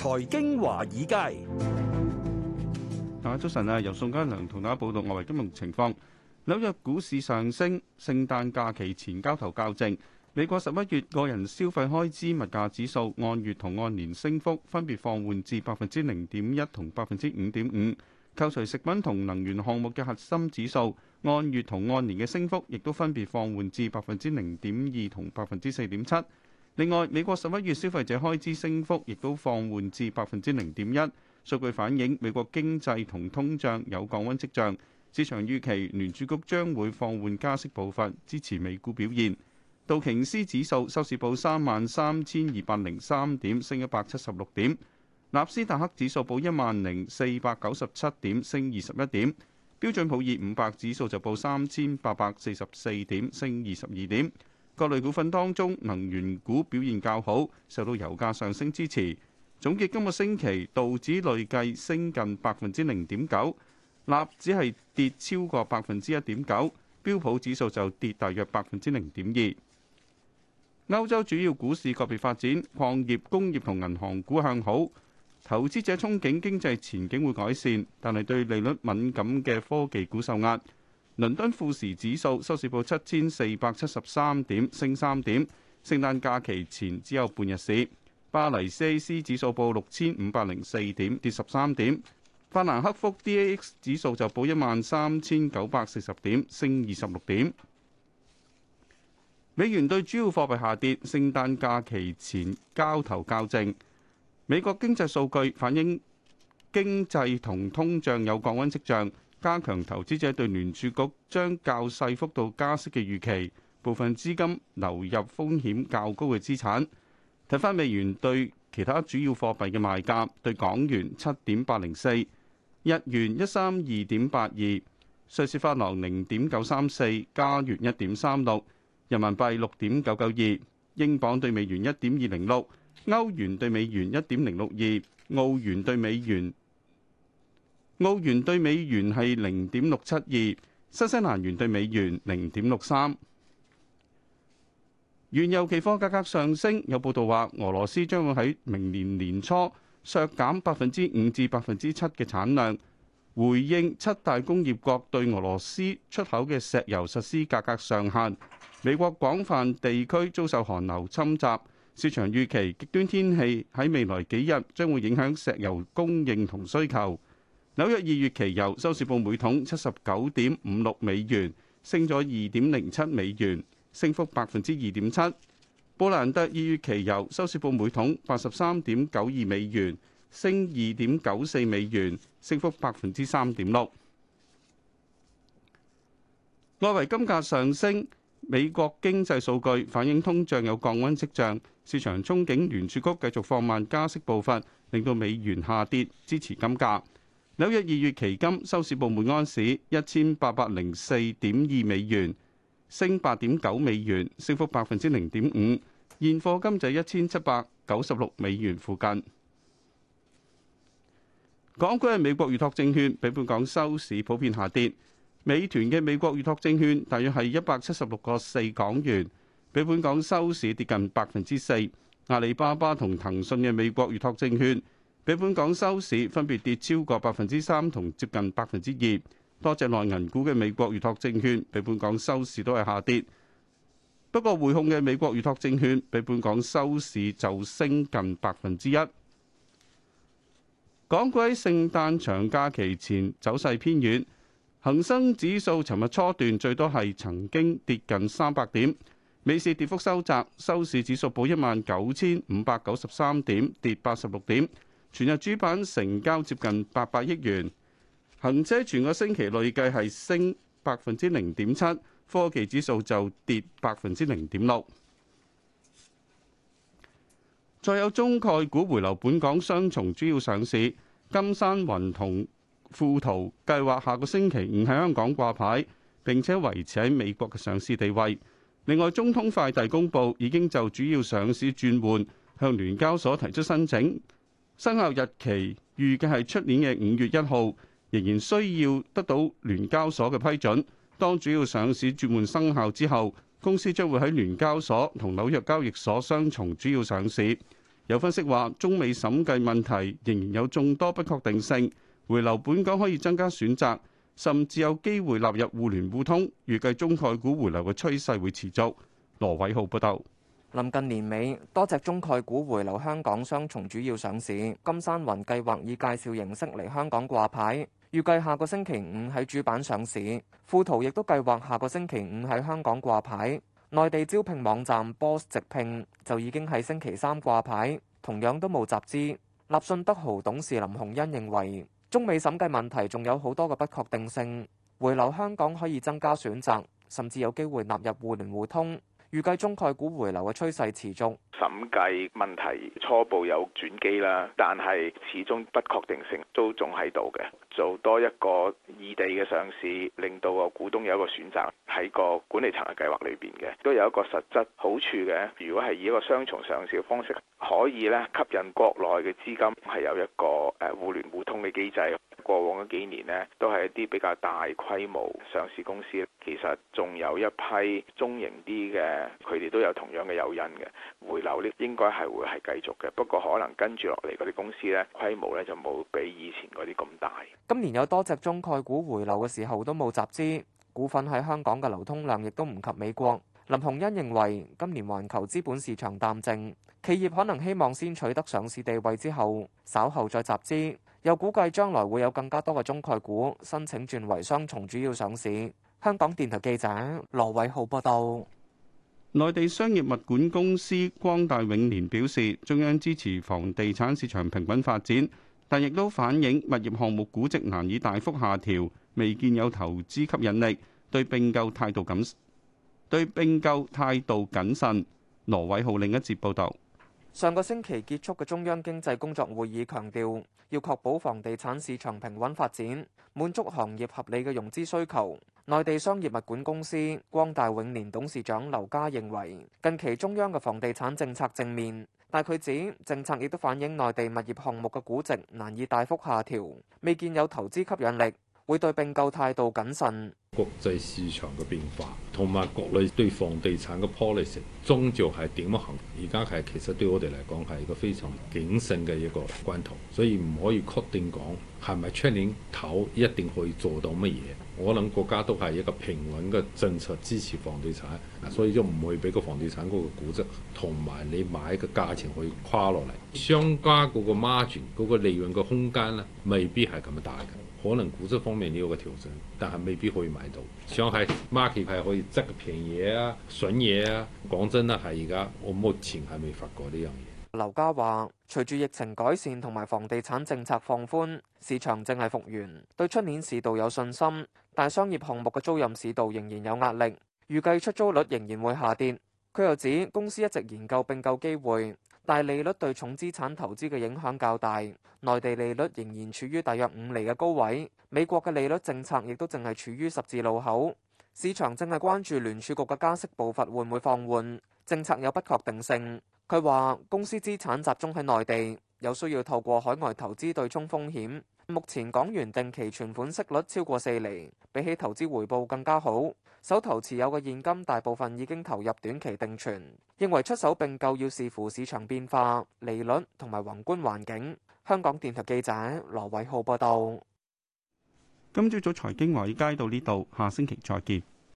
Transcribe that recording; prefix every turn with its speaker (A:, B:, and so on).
A: 財經華爾街，大家早晨啊，由宋嘉良同大家報道外圍金融情況。紐約股市上升，聖誕假期前交投較靜。美國十一月個人消費開支物價指數按月同按年升幅分別放緩至百分之零點一同百分之五點五。扣除食品同能源項目嘅核心指數，按月同按年嘅升幅亦都分別放緩至百分之零點二同百分之四點七。另外，美國十一月消費者開支升幅亦都放緩至百分之零點一，數據反映美國經濟同通脹有降溫跡象。市場預期聯儲局將會放緩加息步伐，支持美股表現。道瓊斯指數收市報三萬三千二百零三點，升一百七十六點。納斯達克指數報一萬零四百九十七點，升二十一點。標準普爾五百指數就報三千八百四十四點，升二十二點。各類股份當中，能源股表現較好，受到油價上升支持。總結今個星期，道指累計升近百分之零點九，納指係跌超過百分之一點九，標普指數就跌大約百分之零點二。歐洲主要股市個別發展，礦業、工業同銀行股向好，投資者憧憬經濟前景會改善，但係對利率敏感嘅科技股受壓。倫敦富時指數收市報七千四百七十三點，升三點。聖誕假期前只有半日市。巴黎 CAC 指數報六千五百零四點，跌十三點。法蘭克福 DAX 指數就報一萬三千九百四十點，升二十六點。美元對主要貨幣下跌，聖誕假期前交投較靜。美國經濟數據反映經濟同通脹有降溫跡象。加強投資者對聯儲局將較細幅度加息嘅預期，部分資金流入風險較高嘅資產。睇返美元對其他主要貨幣嘅賣價，對港元七點八零四，日元一三二點八二，瑞士法郎零點九三四，加元一點三六，人民幣六點九九二，英鎊對美元一點二零六，歐元對美元一點零六二，澳元對美元。澳元兌美元係零點六七二，新西蘭元兌美元零點六三。原油期貨價格上升，有報道話，俄羅斯將會喺明年年初削減百分之五至百分之七嘅產量，回應七大工業國對俄羅斯出口嘅石油實施價格上限。美國廣泛地區遭受寒流侵襲，市場預期極端天氣喺未來幾日將會影響石油供應同需求。紐約二月期油收市報每桶七十九點五六美元，升咗二點零七美元，升幅百分之二點七。布蘭德二月期油收市報每桶八十三點九二美元，升二點九四美元，升幅百分之三點六。外圍金價上升，美國經濟數據反映通脹有降溫跡象，市場憧憬聯儲局繼續放慢加息步伐，令到美元下跌，支持金價。紐約二月期金收市報每安士一千八百零四點二美元，升八點九美元，升幅百分之零點五。現貨金就係一千七百九十六美元附近。港股嘅美國預託證券，比本港收市普遍下跌。美團嘅美國預託證券大約係一百七十六個四港元，比本港收市跌近百分之四。阿里巴巴同騰訊嘅美國預託證券，比本港收市分別跌超過百分之三同接近百分之二，多隻內銀股嘅美國預託證券比本港收市都係下跌。不過，匯控嘅美國預託證券比本港收市就升近百分之一。港股喺聖誕長假期前走勢偏軟，恒生指數尋日初段最多係曾經跌近三百點，美市跌幅收窄，收市指數報一萬九千五百九十三點，跌八十六點。全日主板成交接近八百億元，恒指全個星期累計係升百分之零點七，科技指數就跌百分之零點六。再有中概股回流本港雙重主要上市，金山雲同富途計劃下個星期五喺香港掛牌，並且維持喺美國嘅上市地位。另外，中通快遞公佈已經就主要上市轉換，向聯交所提出申請。生效日期預計係出年嘅五月一號，仍然需要得到聯交所嘅批准。當主要上市轉換生效之後，公司將會喺聯交所同紐約交易所雙重主要上市。有分析話，中美審計問題仍然有眾多不確定性，回流本港可以增加選擇，甚至有機會納入
B: 互聯互通。預計中概股回流嘅趨勢會持續。羅偉浩報道。臨近年尾，多隻中概股回流香港，雙重主要上市。金山雲計劃以介紹形式嚟香港掛牌，預計下個星期五喺主板上市。富途亦都計劃下個星期五喺香港掛牌。內地招聘網站 Boss 直聘就已經喺星期三掛牌，同樣都冇集資。立信德豪董事林鴻恩認為，中美審計問題仲有好多個不確定性，回流香港可以增加選擇，甚至有機會納入互聯互通。預計中概股回流嘅趨勢始終，審計問題初步有轉機啦，但係始終不確定性都仲喺度嘅。做多一個異地嘅上市，令到個股東有一個選擇，喺個管理層嘅計劃裏邊嘅，都有一個實質好處嘅。如果係以一個雙重上市嘅方式，可以咧，吸引國內嘅資金，係有一個誒互聯互通嘅機制。過往嗰幾年咧，都係一啲比較大規模上市公司。其實仲有一批中型啲嘅，佢哋都有同樣嘅誘因嘅回流，呢應該係會係繼續嘅。不過可能跟住落嚟嗰啲公司咧，規模咧就冇比以前嗰啲咁大。今年有多隻中概股回流嘅時候都冇集資，股份喺香港嘅流通量亦都唔及美國。林鴻恩認為今年環球資本市場淡靜，企業可能希望先取得上市地位之後，稍後再集資。又估計將來會有更加多嘅中概股申請轉為雙重主要上市。香港電台記者羅偉浩報道。內地商業物管公
A: 司光大永年表示，中央支持房地產市場平穩發展，但亦都反映物業項目估值難以大幅下調，未見有投資吸引力，對並購態度謹，對並購態度謹慎。羅偉浩另一節報道。
B: 上個星期結束嘅中央經濟工作會議強調，要確保房地產市場平穩發展，滿足行業合理嘅融資需求。內地商業物管公司光大永年董事長劉嘉認為，近期中央嘅房地產政策正面，但佢指政策亦都反映內地物業項目嘅估值難以大幅下調，未見有投資吸引力，會對並購態度謹慎。國
A: 際市場嘅變化，同埋國內對房地產嘅 policy，終就係點樣行？而家係其實對我哋嚟講係一個非常謹慎嘅一個關頭，所以唔可以確定講係咪出年頭一定可以做到乜嘢。我諗國家都係一個平穩嘅政策支持房地產，所以就唔會俾個房地產嗰個估值同埋你買嘅價錢可以跨落嚟。商家嗰個 margin 嗰個利潤嘅空間咧，未必係咁大嘅。可能估值方面有個調整，但係未必可以買到。想係 market 係可以執個平嘢啊、筍嘢啊。講真啦，係而家我目前係
B: 未發過呢樣嘢。劉家話：隨住疫情改善同埋房地產政策放寬，市場正係復原，對出年市道有信心。但商業項目嘅租賃市道仍然有壓力，預計出租率仍然會下跌。佢又指公司一直研究併購機會，但利率對重資產投資嘅影響較大。內地利率仍然處於大約五厘嘅高位，美國嘅利率政策亦都淨係處於十字路口。市場正係關注聯儲局嘅加息步伐會唔會放緩，政策有不確定性。佢話：公司資產集中喺內地，有需要透過海外投資對沖風險。目前港元定期存款息率超過四厘，比起投資回報更加好。手頭持有嘅現金大部分已經投入短期定存，認為出手並購要視乎市場變化、利率同埋宏觀環境。香港電台記者羅偉浩報道。
A: 今朝早財經華爾街到呢度，下星期再見。